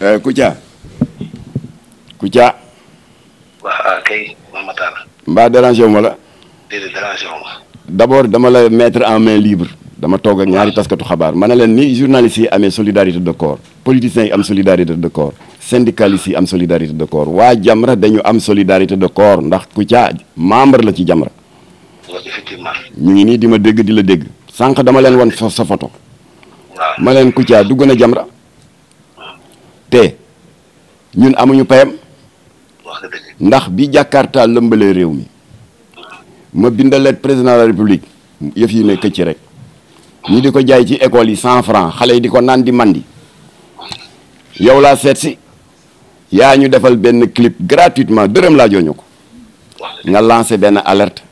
Eh, Kouthia. Kouthia. waaw ah, kay Mama Talla. mbaa déranger wu ma la. déedéet dama la mettre en main libre. dama toog ak ñaari taskatu xabaar ma ne leen ni journalistes yi amee solidarité de corps politiciens yi am solidarité de corps syndicalistes yi am solidarité de corps waa Jamra dañu am solidarité de corps ndax Kouthia membre la ci Jamra. effectivement. ñu ngi nii di ma dégg di la dégg. sànq dama leen wan sa sa photo. ma leen Kouthia dugg na Jamra. te ñun amuñu payam ndax bi Jakarta lëmbalee réew mi ma bindaleet président de la république yëf yi ne këcc rek ñi di ko jaay ci école yi cent franc xale yi di ko naan di mandi yow laa seetsi yaa ñu defal benn clip gratuitement dërëm laa jooñu ko nga lancé benn alerte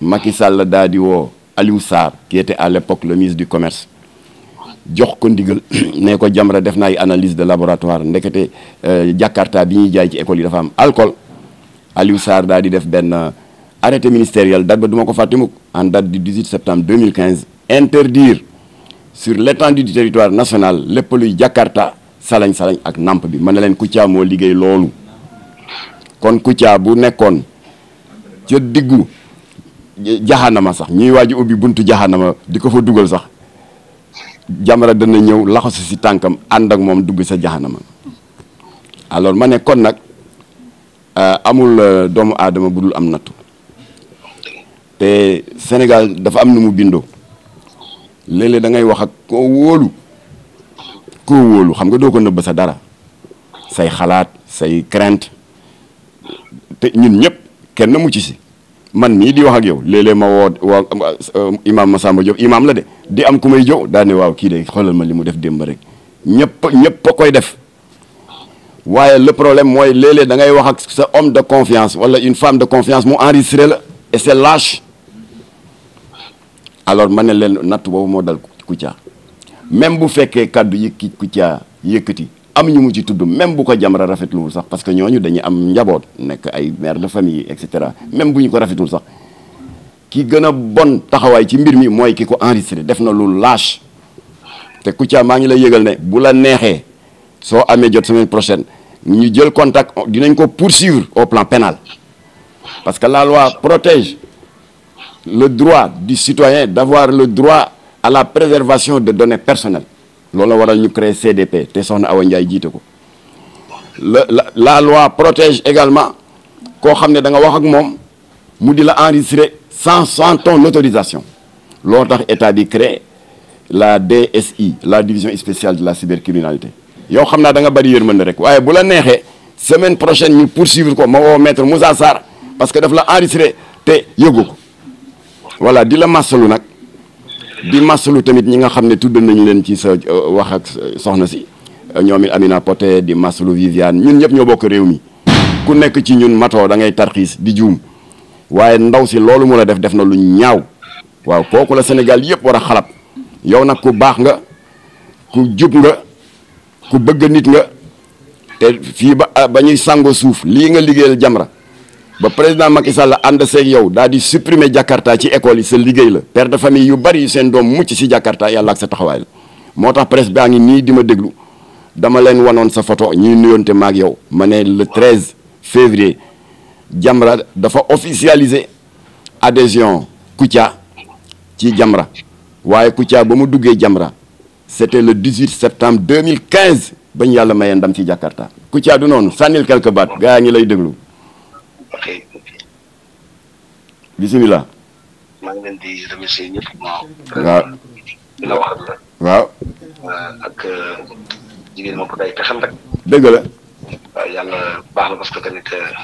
Macky Sall daa di woo Aliou Sarr qui était à l'époque le ministre du commerce jox ko ndigal ne ko Jamra def na ay analyse de laboratoire ndekete euh, Jakarta bi ñuy jaay ci école yi dafa am alcool Aliou Sarr daal di def benn euh, arrêté ministériel date ba duma ko fàtte mukk en date du 18 septembre 2015 interdire sur l'étendue du territoire national lépp luy Jakarta salañ salañ ak namp bi mën na leen Kouthia moo liggéey loolu kon Kouthia bu nekkoon ca diggu jaxanama sax ñuy waaju ubbi buntu jaxanama di ko fa dugal sax jamra dana ñëw laxasu si tànkam ànd ak moom dugg sa jaxanama alors ma ne kon nag euh, amul euh, doomu aadama bu dul am nattu te Sénégal dafa am nu mu bindoo léeg-léeg da ngay wax ak koo wóolu koo wóolu xam nga doo ko nëbb sa dara say xalaat say crainte te ñun ñëpp kenn mu ci si man mii di wax ak yow léeg-léeg ma woo waa uh, imaam Massamba Diop imaam la de di am ku may jow daa waaw kii de xoolal ma li mu def démb rek ñëpp ñëpp a koy def waaye le problème mooy léeg-léeg da ngay wax ak sa homme de confiance wala une femme de confiance mu enregistré la et c'est lâche alors ma ne leen natt boobu moo dal Kouthia même bu fekkee kaddu yi Kouthia yëkkati am ñu mu ci tudd même bu ko Jamra rafetluwul sax parce que ñooñu dañuy am njaboot nekk ay mère de famille et cetera même bu ñu ko rafetul sax ki gën a bon taxawaay ci mbir mi mooy ki ko enregistré def na lu lâche te ku Kouthia maa ngi lay yëgal ne bu la neexee soo amee jot semaine prochaine ñu jël contact dinañ ko poursuivre au plan pénal parce que la loi protège le droit du citoyen d'avoir le droit à la préservation de données personnelles loolu la war waral ñu créer CDP te soxna Awa Ndiaye jiite ko la la loi protège également koo xam ne da nga wax ak moom mu di la enregistrer sans sans ton autorisation loo tax état di créé la DSI la division spéciale de la cybercriminalité yow xam naa da nga bëri yërmande rek waaye bu la neexee semaine prochaine ñu poursuivre ko ma woo maître Moussa Sarr parce que daf la enregistré te yëgu ko voilà di la masalu nag. di masalu tamit ñi nga xam ne tudd nañu leen ci sa euh, wax ak euh, soxna si euh, ñoom it Amina Poté di masalu Viviane ñun ñëpp ñoo bokk réew mi ku nekk ci ñun mato da ngay tarxiis di juum waaye ndaw si loolu mu la def def na lu ñaaw waaw kooku la senegal yëpp war a xalab yow nag ku baax nga ku jub nga ku bëgg nit nga te fii ba ba ñuy sàngoo suuf lii nga liggéeyal Jamra ba président Macky Sall ànd seeg yow daal di supprimer Jakarta ci école yi sa liggéey la père de famille yu bari yu seen doom mucc si Jakarta yàlla ak sa taxawaay la moo tax presse baa ngi nii di ma déglu dama leen wanoon sa photo ñuy nuyoonte maak yow ma ne le 13 février Jamra dafa officialiser adhésion Kouthia ci Jamra waaye Kouthia ba mu duggee Jamra c'était le 18 septembre 2015 ba ñu yàlla mayee dam ci Jakarta Kouthia du noonu sànnil quelque baat gaa yi ngi lay déglu ba xëy mu fi. bisimilah. maa ngi leen di remercier ñëpp. waaw dina wax ak la. waaw. ak euh, jigéen moom ko day pexeel rek. dëgg la. waaw yàlla baax na parce que tamit euh,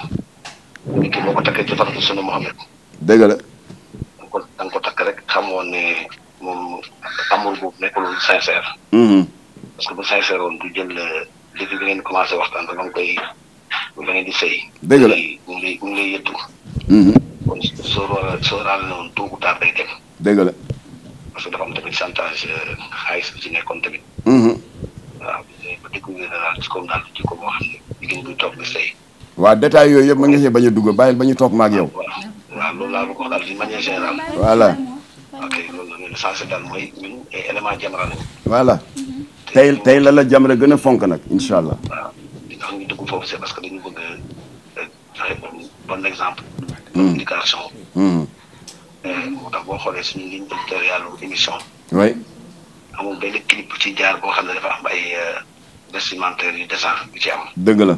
nit ki moo ko takkee ci faratu sunu Muhammad. dëgg la. da ko da ko takk rek xamoon ne moom amul boobu nekkul woon sincère. Mm-hmm. parce que bu sincère woon du jël euh, léegi bi ngeen commencé waxtaan da nga koy. bu la ngeen di sëy. dëgg la mu ngi lay mu ngi mhm. la. parce que dafa am tamit chantage euh, xaalis bi ci mhm. waaw ba yooyu yëpp mën nga see bañ a dugg bàyyil ba ñu toog ma yow. waaw loolu laa bëgg daal d'une manière générale. voilà. ok loolu la mhm. tey tey la la gën a fonk nag incha allah. bon exemple. Mm. communication. ndax mm. euh, boo xoolee suñu ligne éditoriale émission. oui. amul benn clip bu ci jaar boo xam ne dafa am ay vestimentaires euh, yu décent yu ci am. dëgg la.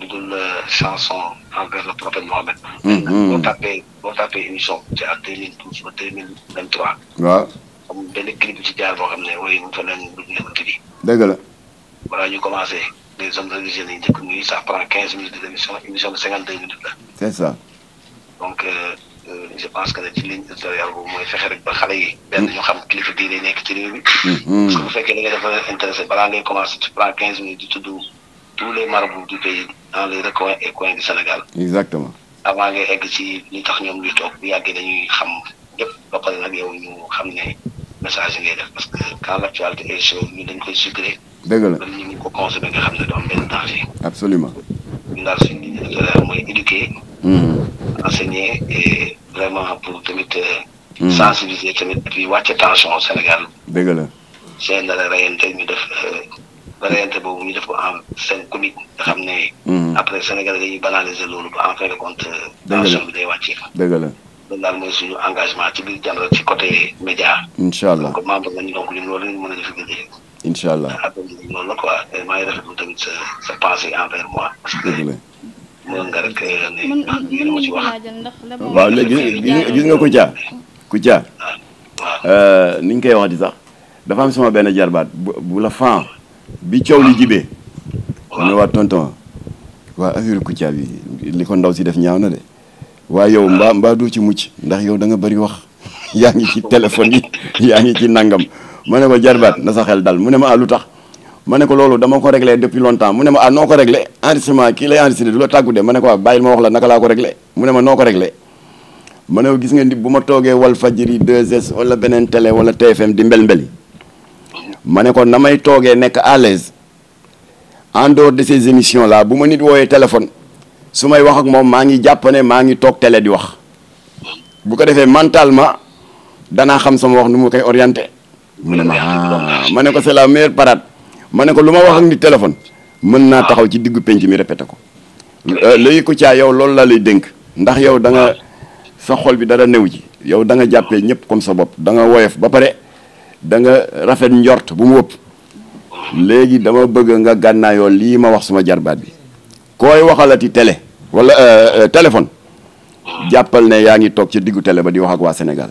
du dul euh, chanson envers le prophète Mohamed. Mm, boo tàppee boo tàppee émission ci à deux mille douze ba deux mille vingt trois. waaw amul benn clip ci jaar boo xam ne waaye mu fa leen lu yonent bi. dëgg la. balaa ñu commencé les hommes religieux yi njëkk ñuy prend quinze minutes d'émission émission de cinquante deux minutes la. c'est ça. donc euh, euh, je pense que ci ligne éditoriale boobu mooy fexe rek ba xale yi. benn ñu xam kilifa diine nekk ci réew mi. Mm-hmm. fekkee da ngay dafa intéressé balaa ngay commencé ci plan quinze minutes di tudd tous les marabouts du pays dans les recoins et coins Sénégal. exactement. avant ngay egg ci li tax ñoom luy toog bu yàggee dañuy xam ñëpp ba pare nag yow ñu xam ne message yi ngay def parce que quand l' actualité est chaude ñu dañ koy ñu ngi ko consommé nga xam ne du am benn danger. Euh, mooy éduquer. Hmm. enseigner et vraiment pour tamit. Euh, hmm. sensibiliser tamit di wàcce tension Sénégal. dëgg la. seen dara rayante ñu def euh, rayante boobu ñu def ko en scène comique nga xam ne. Hmm. après Sénégal dañuy banaliser loolu ba en fin de compte. tension bi day wàccee. dëgg la. loolu daal mooy suñu engagement ci biir Jamra ci côté média. incha allah donc membre nañu donc ñun loolu la ñu mën a def liggéey. loolu la quoi maa ngi rafetlu tamit sa sa pensée envers moi. dëgg mën nga rek ne ah li ma ci wax. waaw léegi ah, euh, sax dafa am sama benn jarbaat bu bi coow li jibee. waaw ne waa tonton waa affaire bi li ko ndaw si def ñaaw na de. waaw yow mbaa ah. mbaa ci mucc ndax yow da nga bëri wax yaa ngi ci téléphone yi yaa ngi ci nangam ma ne ko jarbaat na sa xel dal mu ne ma ah tax. ma ne ko loolu dama ko réglé depuis longtemps mu ne ma ah noo ko réglé enregistrement kii lay enregistré du la tàggu de ma ne ko ah bàyyil ma wax la naka laa ko réglé mu ne ma noo ko réglé ma gis nga ni bu ma toogee wal fajiri 2S wala beneen télé wala TFM di mbel mbeli ma ne ko na may toogee nekk à l'aise en dehors de ces émissions bu ma nit wooyee téléphone su may wax ak moom maa ngi jàpp ne maa ngi toog télé di wax bu ko defee mentalement danaa xam sama wax nu mu ah. ko c'est la meilleure parade ma ne ko lu ma wax ak nit téléphone mën naa ah. taxaw ci diggu penc mi répété ko euh, léegi ku caa yow loolu laa lay dénk ndax yow danga ah. sa xol bi dara new ji yow da nga jàppee ñëpp comme sa bopp da nga ba pare da nga rafet njort bu mu wëpp léegi dama bëgg nga gànnaayoo lii ma wax suma jarbaat bi kooy waxalati télé wala euh, euh, téléphone jàppal ne yaa ngi toog ci diggu tele ba di wax ak waa Sénégal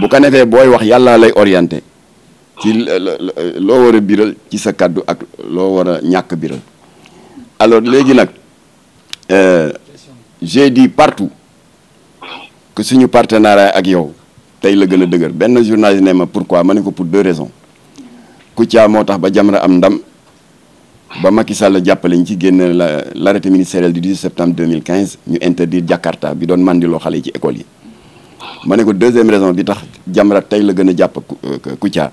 bu ko defee booy wax yàlla lay orienté ci loo war a biral ci sa kàddu ak loo war a ñàkk biral alors léegi nag euh, j'ai dit partout que suñu partenariat ak yow tey la gën a dëgër benn journaliste ne ma pourquoi ma ne ko pour deux raisons Kouthia moo tax ba Jamra am ndam ba Macky Sall jàppale ñu ci génn la l'arrêté ministériel septembre 18 septembre 2015 ñu interdire Jakarta bi doon mandiloo xale yi ci école yi ma ne ko deuxième raison bi tax Jamra tey la gën a jàpp Kouthia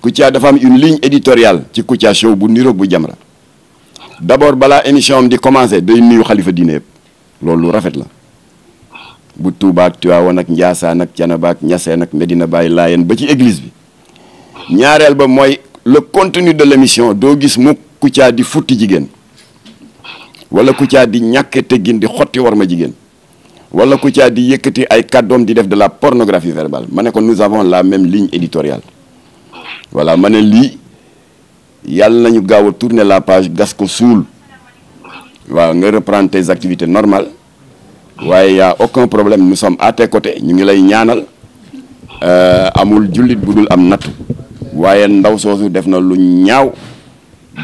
Kouthia dafa am une ligne éditoriale ci Kouthia Show bu niroog bu Jamra d'abord balaa émission am di commencer day nuyu xalifa diine yëpp loolu lu rafet la bu Touba ak Tivaouane ak Ndiassane ak Thiénaba ak Niassène ak Medina laa Layène ba ci église bi ñaareel ba mooy le contenu de l'émission doo gis mu Kouthia di futti jigéen wala Kouthia di ñàkk teggin di xotti war ma jigéen wala Kouthia di yëkkati ay kàddoom di def de la pornographie verbale ma ne ko nous avons la même ligne éditoriale voilà ma ne lii yàlla nañu gaaw a tourner la page gas ko suul waaw nga reprendre tes activités normales waaye y'a aucun problème nous sommes à tes côtés ñu ngi lay ñaanal euh, amul jullit bu dul am nattu waaye ndaw soosu def na lu ñaaw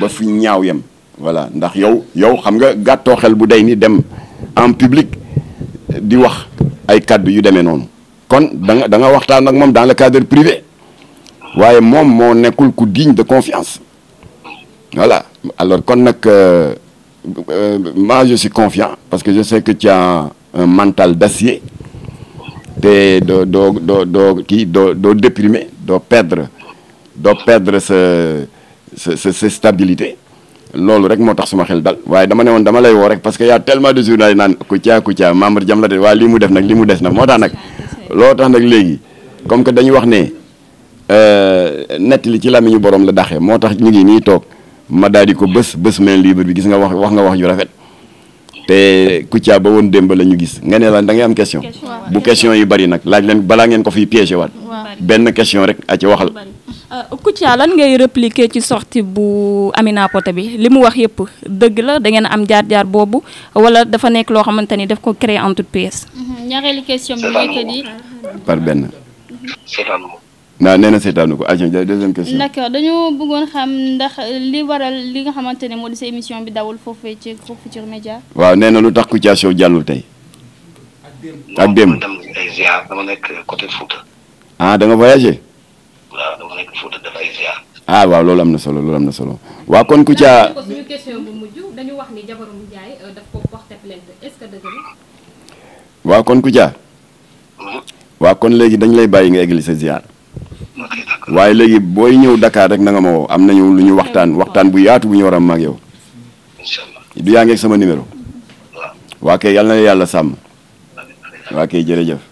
ba fi ñaaw yam voilà ndax yow yow xam nga gàttoo xel bu day ni dem en public di wax ay kàddu yu demee noonu kon da nga da nga waxtaan ak moom dans le cadre privé waaye moom moo nekkul ku digne de confiance voilà alors kon nag euh, euh, moi je suis confiant parce que je sais que tu as un mental d'acier te doo doo doo doo kii doo doo déprimer doo perdre doo perdre sa sa sa stabilité loolu rek moo tax suma xel dal waaye dama ne woon dama lay woo rek parce que y a tellement de journaux yi naan Kouthia Kouthia membre jam la de waaye lii mu def nag li mu des nag moo tax nag loo tax nag léegi comme que dañu wax ne Euh, li ci làmmiñu borom la daxee moo tax ñu ngi nii toog ma daal di ko bës bës main libre bi gis nga wax wax nga wax ju rafet te Kouthia ba woon démb la ñu gis nga ne la da ngay am question bu question yi bari nag laaj leen balaa ngeen ko fiy piégé waat benn question rek a ci waxal. Euh, Kouthia lan ngay répliquer ci sortie bu Amina Poté bi li mu wax yëpp dëgg la dangeen am jaar-jaar boobu wala dafa nekk loo xamante ni daf ko créer en mm-hmm. par benn. naa nee na seetaanu ko agent Ndiaye deuxième question. d'accord dañoo bëggoon xam ndax li waral li nga xamante ne moo di sa émission bi dawul foofu ci Groupe Futurs Médias. waaw nee na lu tax Kouthia Show jàllul tey. ak démb dem ay ziar dama nekk côté Fouta. ah da nga ah, waaw loolu am na solo loolu am na solo waa kon Kouthia. suñu question bu mujj dañu wax euh, mhm. kon léegi dañ lay bàyyi nga eggali sa ziar. waaye léegi booy ñëw Dakar rek na nga ma am nañu lu ñu waxtaan waxtaan bu yaatu bu ñu war a mag yow. incha allah du yaa ngeeg sama numéro. waaw kay yal na yàlla sàmm. waa kay jërëjëf.